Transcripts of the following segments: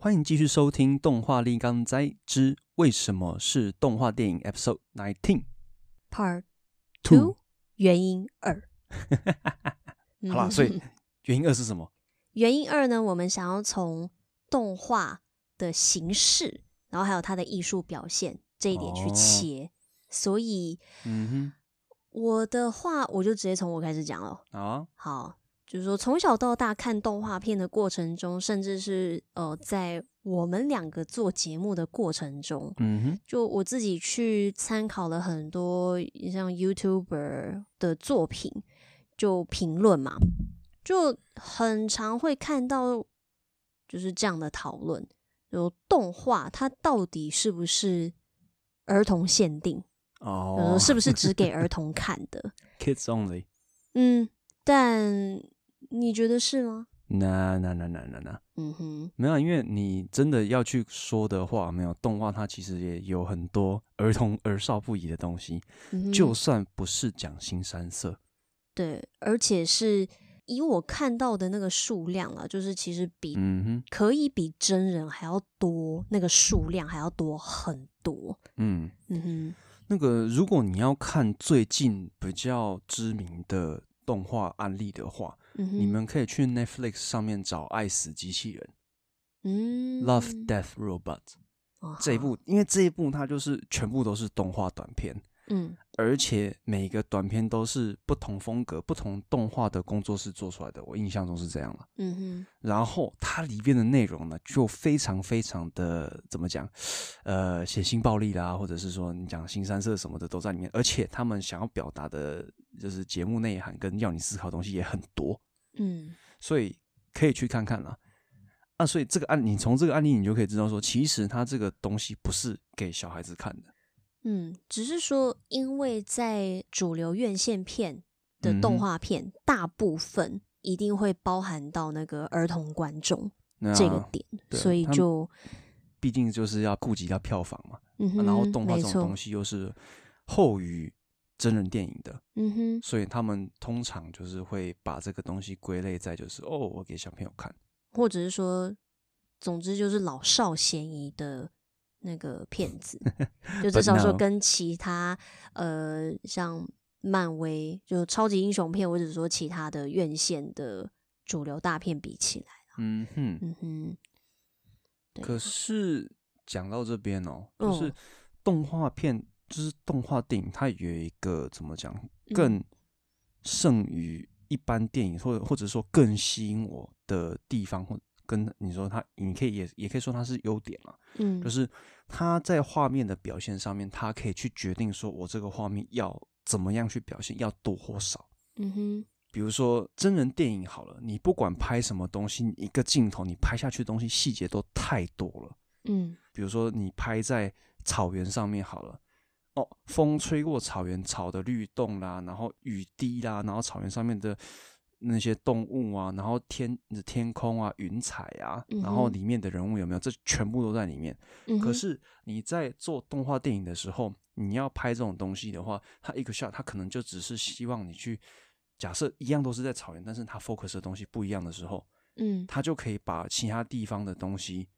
歡迎繼續收聽《動畫力剛哉之為什麼是動畫電影》Episode Nineteen Part Two 原因二， 好啦，所以原因二是什麼？ 原因二呢？我們想要從動畫的形式，然後還有它的藝術表現這一點去切，哦、所以，嗯哼，我的話，我就直接從我開始講了啊，哦、好。就是說，從小到大看動畫片的過程中，甚至是、呃、在我們兩個做節目的過程中，嗯、哼就我自己去參考了很多像 YouTuber 的作品，就評論嘛，就很常會看到就是這樣的討論：有動畫它到底是不是兒童限定？哦、呃，是不是只給兒童看的 ？Kids only。嗯，但。你覺得是嗎？那那那那那那，嗯哼，沒有，因為你真的要去說的話，沒有動畫，它其實也有很多兒童兒少不宜的東西。嗯哼，就算不是講《新三色》，對，而且是以我看到的那個數量啊，就是其實比，嗯哼，可以比真人還要多，那個數量還要多很多。嗯嗯哼，那個如果你要看最近比較知名的動畫案例的話。你們可以去 Netflix 上面找《愛死機器人》，嗯，《Love Death Robot》這一部，哦、哈因為這一部它就是全部都是動畫短片，嗯，而且每個短片都是不同風格、不同動畫的工作室做出來的。我印象中是這樣的。嗯哼。然後它裡邊的內容呢，就非常非常的怎麼講，呃，血腥暴力啦，或者是說你講新三色什麼的都在裡面，而且他們想要表達的就是節目內涵跟要你思考的東西也很多。嗯，所以可以去看看啦。啊，所以這個案，你從這個案例，你就可以知道說，其實他這個東西不是給小孩子看的。嗯，只是說，因為在主流院線片的動畫片，嗯、哼大部分一定會包含到那個兒童觀眾這個點，啊、所以就，畢竟就是要顧及到票房嘛。嗯、哼然後動畫這種東西又是後於錯。厚真人電影的，嗯哼，所以他們通常就是會把這個東西歸類在就是哦，我給小朋友看，或者是說，總之就是老少咸宜的那個片子， 就至少說跟其他 呃像漫威就超級英雄片，或者說其他的院線的主流大片比起來，啊，嗯哼，嗯哼。啊、可是講到這邊哦，哦就是動畫片。就是動畫電影，它有一個怎麼講，更勝於一般電影，或者或者說更吸引我的地方，或跟你說它，你可以也也可以說它是優點嘛。嗯，就是它在畫面的表現上面，它可以去決定說我這個畫面要怎麼樣去表現，要多或少。嗯哼，比如說真人電影好了，你不管拍什麼東西，一個鏡頭你拍下去的東西細節都太多了。嗯，比如說你拍在草原上面好了。風吹過草原，草的律動啦，然後雨滴啦，然後草原上面的那些動物啊，然後天的天空啊，雲彩啊，嗯、哼然後裡面的人物有沒有？這全部都在裡面。嗯、哼可是你在做動畫電影的時候，你要拍這種東西的話，它一個 shot 它可能就只是希望你去假設一樣都是在草原，但是它 focus 的東西不一樣的時候，嗯，它就可以把其他地方的東西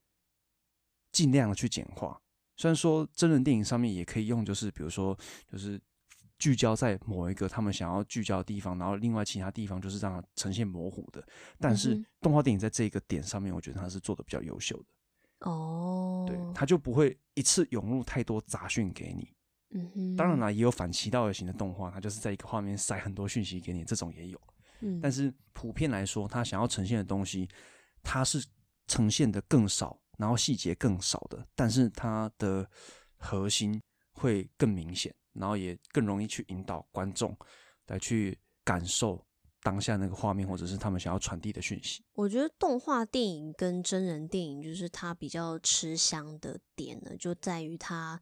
盡量的去簡化。雖然說真人電影上面也可以用，就是比如說，就是聚焦在某一個他們想要聚焦的地方，然後另外其他地方就是讓它呈現模糊的。但是動畫電影在這一個點上面，我覺得它是做得比較優秀的。哦，嗯哼，對，它就不會一次湧入太多雜訊給你。嗯哼。當然了，也有反其道而行的動畫，它就是在一個畫面塞很多訊息給你，這種也有。嗯。但是普遍來說，它想要呈現的東西，它是呈現的更少。然後細節更少的，但是它的核心會更明顯，然後也更容易去引導觀眾來去感受當下那個畫面，或者是他們想要傳遞的訊息。我覺得動畫電影跟真人電影，就是它比較吃香的點呢，就在於它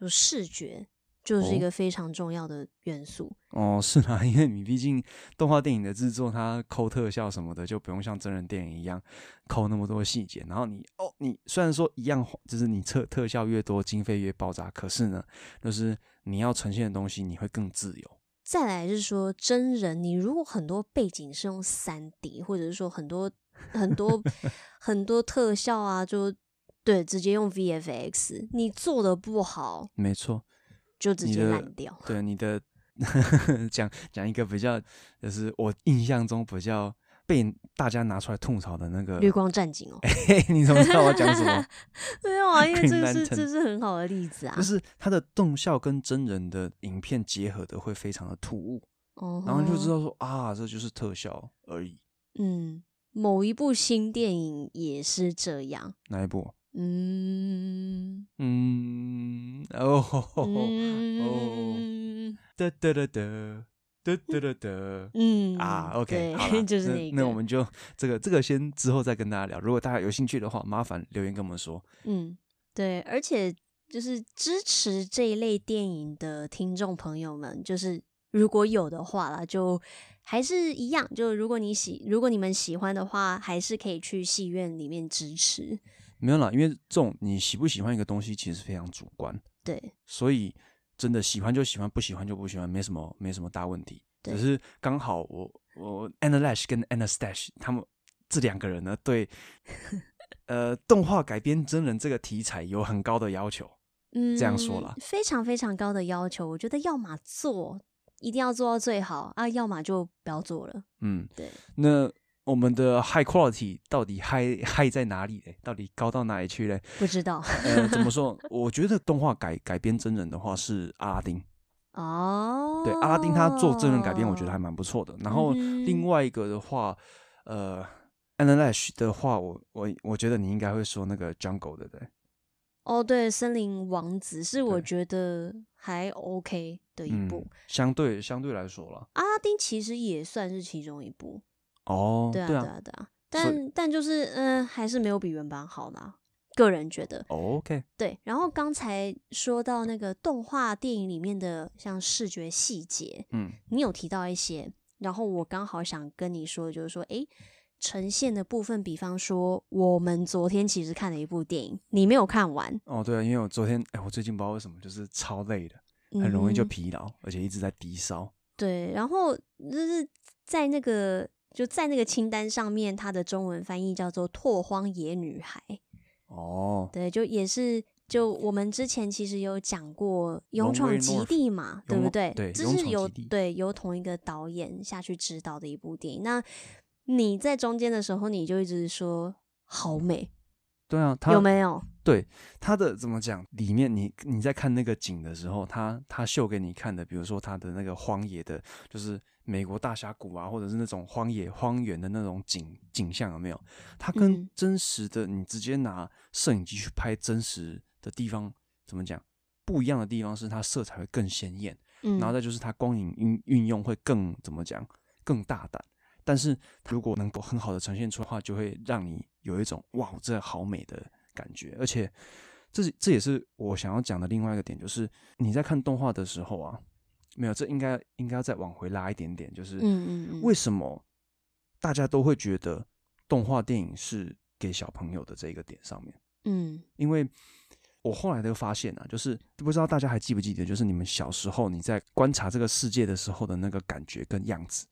就視覺。就是一個非常重要的元素哦，哦，是啊，因為你畢竟動畫電影的制作，它摳特效什麼的，就不用像真人電影一樣摳那麼多細節。然後你哦，你雖然說一樣，就是你特特效越多，經費越爆炸，可是呢，就是你要呈現的東西，你會更自由。再來是說真人，你如果很多背景是用 3D，或者是說很多很多 很多特效啊，就對，直接用 VFX，你做的不好，沒錯。就直接爛掉。對，你的呵呵講講一個比較，就是我印象中比較被大家拿出來吐槽的那個《綠光戰警》哦。哎、欸，你怎麼知道我講什麼？沒有啊，因為這是這是很好的例子啊。就是它的動效跟真人的影片結合的會非常的突兀，oh、然後就知道說啊，這就是特效而已。嗯，某一部新電影也是這樣。哪一部？嗯嗯哦嗯哦噠噠噠噠噠噠噠噠嗯啊 OK 對吧就是那個那，那我們就這個這個先之後再跟大家聊。如果大家有興趣的話，麻煩留言跟我們說。嗯，對，而且就是支持這一類電影的聽眾朋友們，就是如果有的話啦，就還是一樣，就如果你喜如果你們喜歡的話，還是可以去戲院裡面支持。沒有啦，因為這種你喜不喜歡一個東西，其實是非常主觀。對，所以真的喜歡就喜歡，不喜歡就不喜歡，沒什麼沒什麼大問題。可對是剛好我我 Anna Lash 跟 Anna Stash 他們這兩個人呢，對， 呃，動畫改編真人這個題材有很高的要求。嗯，這樣說了，非常非常高的要求。我覺得，要麼做，一定要做到最好啊；要麼就不要做了。嗯，對。那我們的 high quality 到底 high high 在哪裡嘞？到底高到哪裡去嘞？不知道。呃，怎麼說？ 我覺得動畫改改編真人的話是阿拉丁。哦、啊。對，阿拉丁他做真人改編，我覺得還蠻不錯的。然後另外一個的話，嗯、呃，安娜拉的話我，我我我覺得你應該會說那個《Jungle》的對。哦，對，《森林王子》是我覺得還 OK 的一部。對嗯、相對相對來說了，阿拉丁其實也算是其中一部。哦，oh, 對啊，對啊，對啊，但以但就是，嗯、呃，還是沒有比原版好呢，個人覺得。Oh, OK，對。然後剛才說到那個動畫電影裡面的像視覺細節，嗯，你有提到一些，然後我剛好想跟你說，就是說，誒，呈現的部分，比方說我們昨天其實看了一部電影，你沒有看完。哦，對啊，因為我昨天，哎，我最近不知道為什麼就是超累的，很容易就疲勞，嗯、而且一直在低燒。對，然後就是在那個。就在那個清單上面，它的中文翻譯叫做《拓荒野女孩》哦，oh. 對，就也是就我們之前其實有講過《勇闖極地》嘛，Long way North. 對不對？對，這是由對由同一個導演下去指導的一部電影。那你在中間的時候，你就一直說好美。對啊，它有沒有？對它的怎麼講？裡面你你在看那個景的時候，它它秀給你看的，比如說它的那個荒野的，就是美國大峽谷啊，或者是那種荒野、荒原的那種景景象，有沒有？它跟真實的，嗯嗯，你直接拿攝影機去拍真實的地方，怎麼講？不一樣的地方是它色彩會更鮮艷，嗯、然後再就是它光影運運用會更怎麼講？更大膽。但是，如果能夠很好的呈現出的話，就會讓你有一種哇，這好美的感覺。而且，這這也是我想要講的另外一個點，就是你在看動畫的時候啊，沒有，這應該應該要再往回拉一點點。就是，嗯嗯，為什麼大家都會覺得動畫電影是給小朋友的這個點上面？嗯，因為我後來都發現啊，就是不知道大家還記不記得，就是你們小時候你在觀察這個世界的時候的那個感覺跟樣子。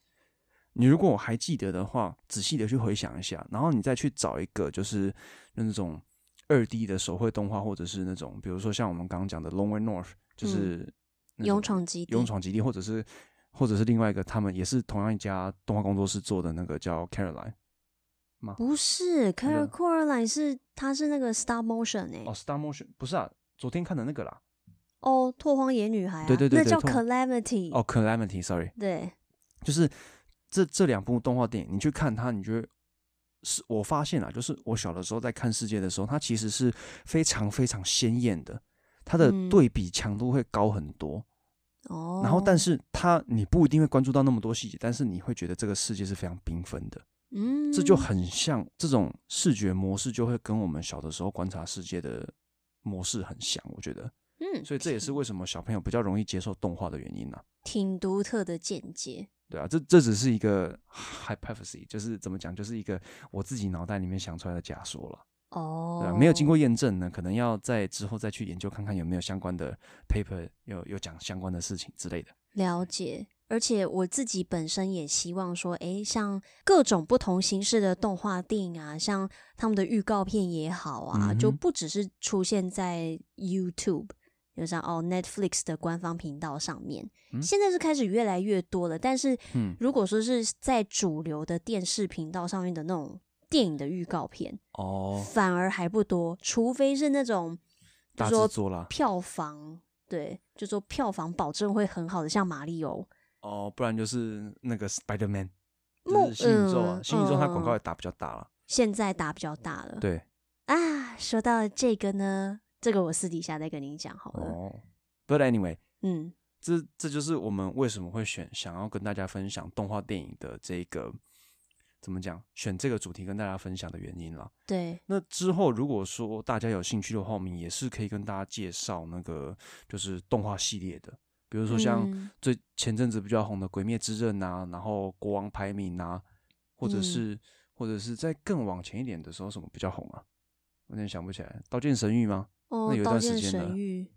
你如果我還記得的話，仔細的去回想一下，然後你再去找一個，就是那種二 D 的手繪動畫，或者是那種，比如說像我們剛剛講的《Long Way North、嗯》，就是《勇闖極地》《勇闖極地》，或者是或者是另外一個，他們也是同樣一家動畫工作室做的那個叫 Caroline 嗎？不是有，Caroline 是他是那個、欸、Stop Motion 哎，哦 Stop Motion 不是啊，昨天看的那個啦。哦，拓荒野女孩、啊，對對，對對對，那叫 Calamity a。哦，Calamity，Sorry a。Ity, sorry 對，就是。這這兩部動畫電影，你去看它，你覺得是，我發現啊，就是我小的時候在看世界的時候，它其實是非常非常鮮豔的，它的對比強度會高很多。哦、嗯，然後但是它你不一定會關注到那麼多細節，但是你會覺得這個世界是非常繽紛的。嗯，這就很像這種視覺模式，就會跟我們小的時候觀察世界的模式很像。我覺得，嗯，所以這也是為什麼小朋友比較容易接受動畫的原因呢、啊？挺獨特的見解。對啊，這這只是一個 hypothesis，就是怎麼講，就是一個我自己腦袋裡面想出來的假說了，哦、oh. 對啊，沒有經過驗證呢，可能要在之後再去研究看看有沒有相關的 paper，有有講相關的事情之類的。了解。而且我自己本身也希望說，哎，像各種不同形式的動畫電影啊，像他們的預告片也好啊，嗯哼，就不只是出現在 YouTube。就像哦，Netflix 的官方頻道上面，嗯、現在是開始越來越多了。但是，嗯、如果說是在主流的電視頻道上面的那種電影的預告片，哦，反而還不多。除非是那種，就說大製作了票房，對，就說票房保證會很好的，像《馬里奧》哦，不然就是那個 Spider-Man，、嗯、就是新宇宙、啊，嗯、新宇宙它廣告也打比較大了。現在打比較大了，對啊，說到了這個呢。這個我私底下再跟您講好了。哦、oh,，But anyway，嗯，這這就是我們為什麼會選想要跟大家分享動畫電影的這個怎麼講，選這個主題跟大家分享的原因啦。對，那之後如果說大家有興趣的話，我們也是可以跟大家介紹那個就是動畫系列的，比如說像最前陣子比較紅的《鬼滅之刃》啊，嗯、然後《國王排名》啊，或者是、嗯、或者是再更往前一點的時候什麼比較紅啊，我有點想不起來，《刀劍神域》嗎？哦、那有一段時間呢？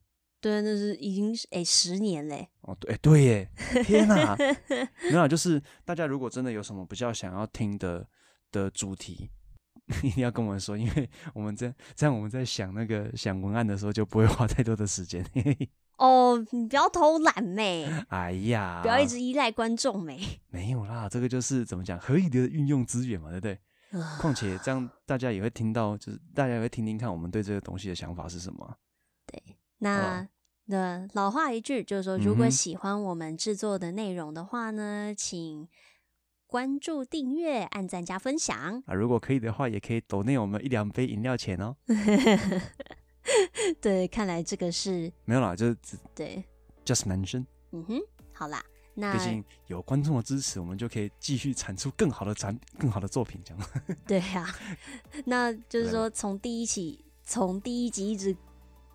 對，那是已經是哎十年嘞。哦，對對耶！天哪！ 沒有、啊，就是大家如果真的有什麼比較想要聽的的主題， 一定要跟我們說，因為我們這樣，這樣我們在想那個想文案的時候，就不會花太多的時間。 哦，你不要偷懶唄！哎呀，不要一直依賴觀眾唄。沒有啦，這個就是怎麼講，合理的運用資源嘛，對不對？況且這樣，大家也會聽到，就是大家也會聽聽看我們對這個東西的想法是什麼、啊。對，那那、哦、老話一句，就是說，如果喜歡我們製作的內容的話呢，嗯、哼請關注、訂閱、按讚加、加分享。啊，如果可以的話，也可以抖內我們一兩杯飲料錢哦。 對，看來這個是沒有啦，就是對 Just Mention。嗯哼，好啦。畢那竟有觀眾的支持，我們就可以繼續產出更好的產、更好的作品，這樣。 對呀、啊，那就是說，從第一期、從 Right. 第一集一直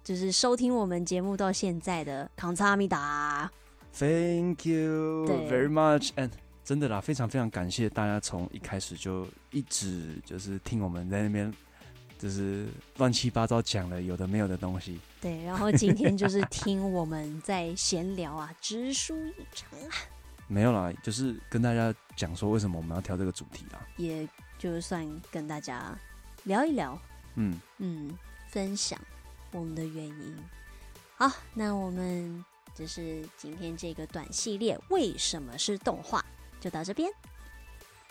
就是收聽我們節目到現在的康查米達，Thank you very much，and Right. 真的啦，非常非常感謝大家從一開始就一直就是聽我們在那邊。就是亂七八糟講了有的沒有的東西。對，然後今天就是聽我們在閒聊啊， 知書一場啊。沒有啦，就是跟大家講說為什麼我們要挑這個主題啊，也就算跟大家聊一聊，嗯嗯，分享我們的原因。好，那我們就是今天這個短系列為什麼是動畫，就到這邊。